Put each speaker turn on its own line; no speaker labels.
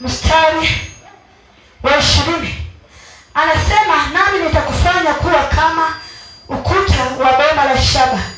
mstari wa ishirini anasema, nami nitakufanya kuwa kama ukuta wa boma la shaba